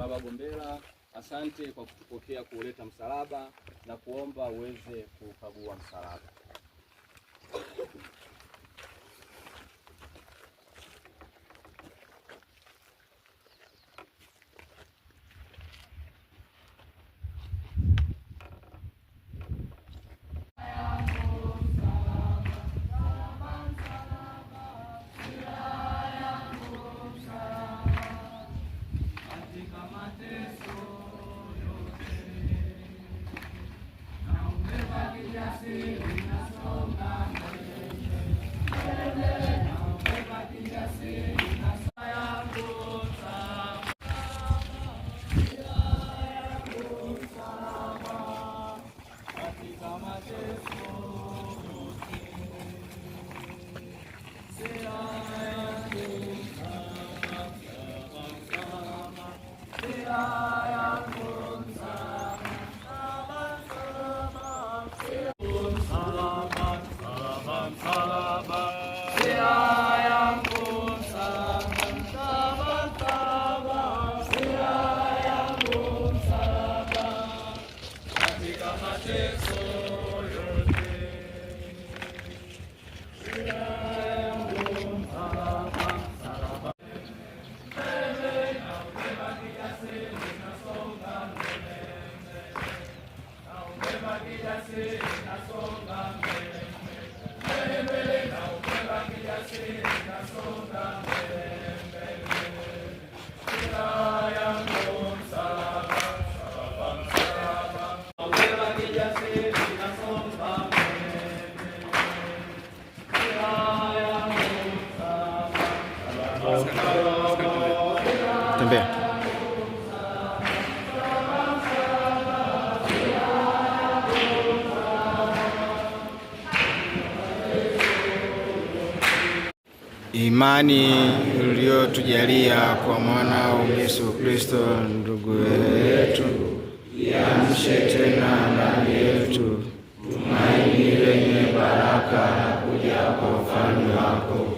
Baba Gombela, asante kwa kutupokea kuuleta msalaba na kuomba uweze kukagua msalaba. Sit on. Magic Tembea. Imani uliyotujalia kwa mwanao Yesu Kristo ndugu yetu iamshe tena ndani yetu tumaini lenye baraka na kuja kwa ufalme wako.